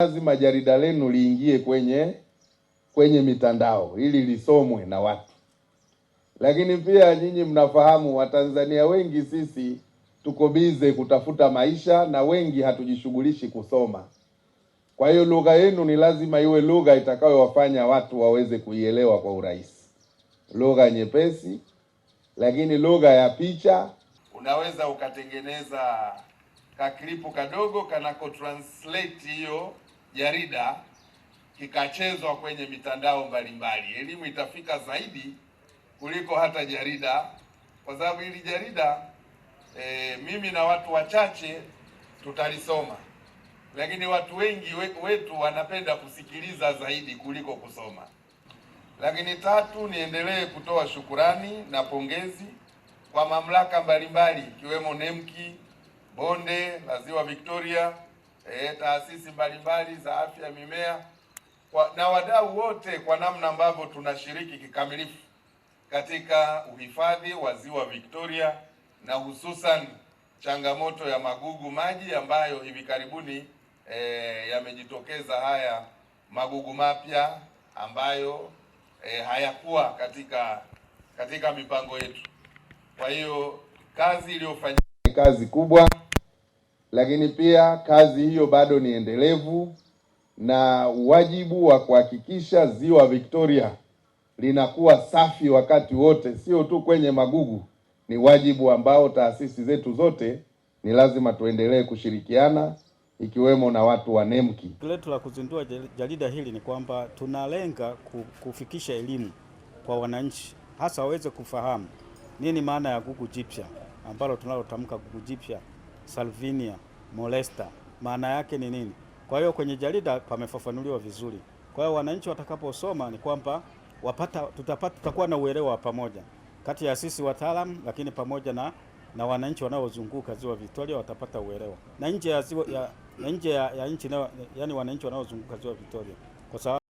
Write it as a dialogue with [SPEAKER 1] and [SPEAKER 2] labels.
[SPEAKER 1] Lazima jarida lenu liingie kwenye kwenye mitandao ili lisomwe na watu, lakini pia nyinyi mnafahamu Watanzania wengi sisi tuko bize kutafuta maisha na wengi hatujishughulishi kusoma. Kwa hiyo lugha yenu ni lazima iwe lugha itakayowafanya watu waweze kuielewa kwa urahisi, lugha nyepesi, lakini lugha ya picha.
[SPEAKER 2] Unaweza ukatengeneza kaklipu kadogo kanako translate hiyo jarida kikachezwa kwenye mitandao mbalimbali, elimu itafika zaidi kuliko hata jarida, kwa sababu hili jarida e, mimi na watu wachache tutalisoma, lakini watu wengi wetu wanapenda kusikiliza zaidi kuliko kusoma. Lakini tatu, niendelee kutoa shukurani na pongezi kwa mamlaka mbalimbali ikiwemo nemki bonde la Ziwa Victoria eh, taasisi mbalimbali za afya ya mimea kwa, na wadau wote kwa namna ambavyo tunashiriki kikamilifu katika uhifadhi wa ziwa Victoria na hususan changamoto ya magugu maji ambayo hivi karibuni e, yamejitokeza haya magugu mapya ambayo e, hayakuwa katika katika mipango yetu.
[SPEAKER 1] Kwa hiyo kazi iliyofanyika ni kazi kubwa lakini pia kazi hiyo bado ni endelevu na wajibu wa kuhakikisha ziwa Victoria linakuwa safi wakati wote, sio tu kwenye magugu, ni wajibu ambao taasisi zetu zote ni lazima tuendelee kushirikiana ikiwemo na watu wa NEMKI.
[SPEAKER 3] Letu la kuzindua jarida hili ni kwamba tunalenga kufikisha elimu kwa wananchi, hasa waweze kufahamu nini maana ya gugu jipya ambalo tunalotamka gugu jipya. Salvinia molesta maana yake ni nini. Kwa hiyo kwenye jarida pamefafanuliwa vizuri. Kwa hiyo wananchi watakaposoma ni kwamba wapata tutapata, tutakuwa na uelewa wa pamoja kati ya sisi wataalamu, lakini pamoja na, na wananchi wanaozunguka ziwa Victoria watapata uelewa na nje ya, ya, ya nchi, yani wananchi wanaozunguka ziwa Victoria kwa sababu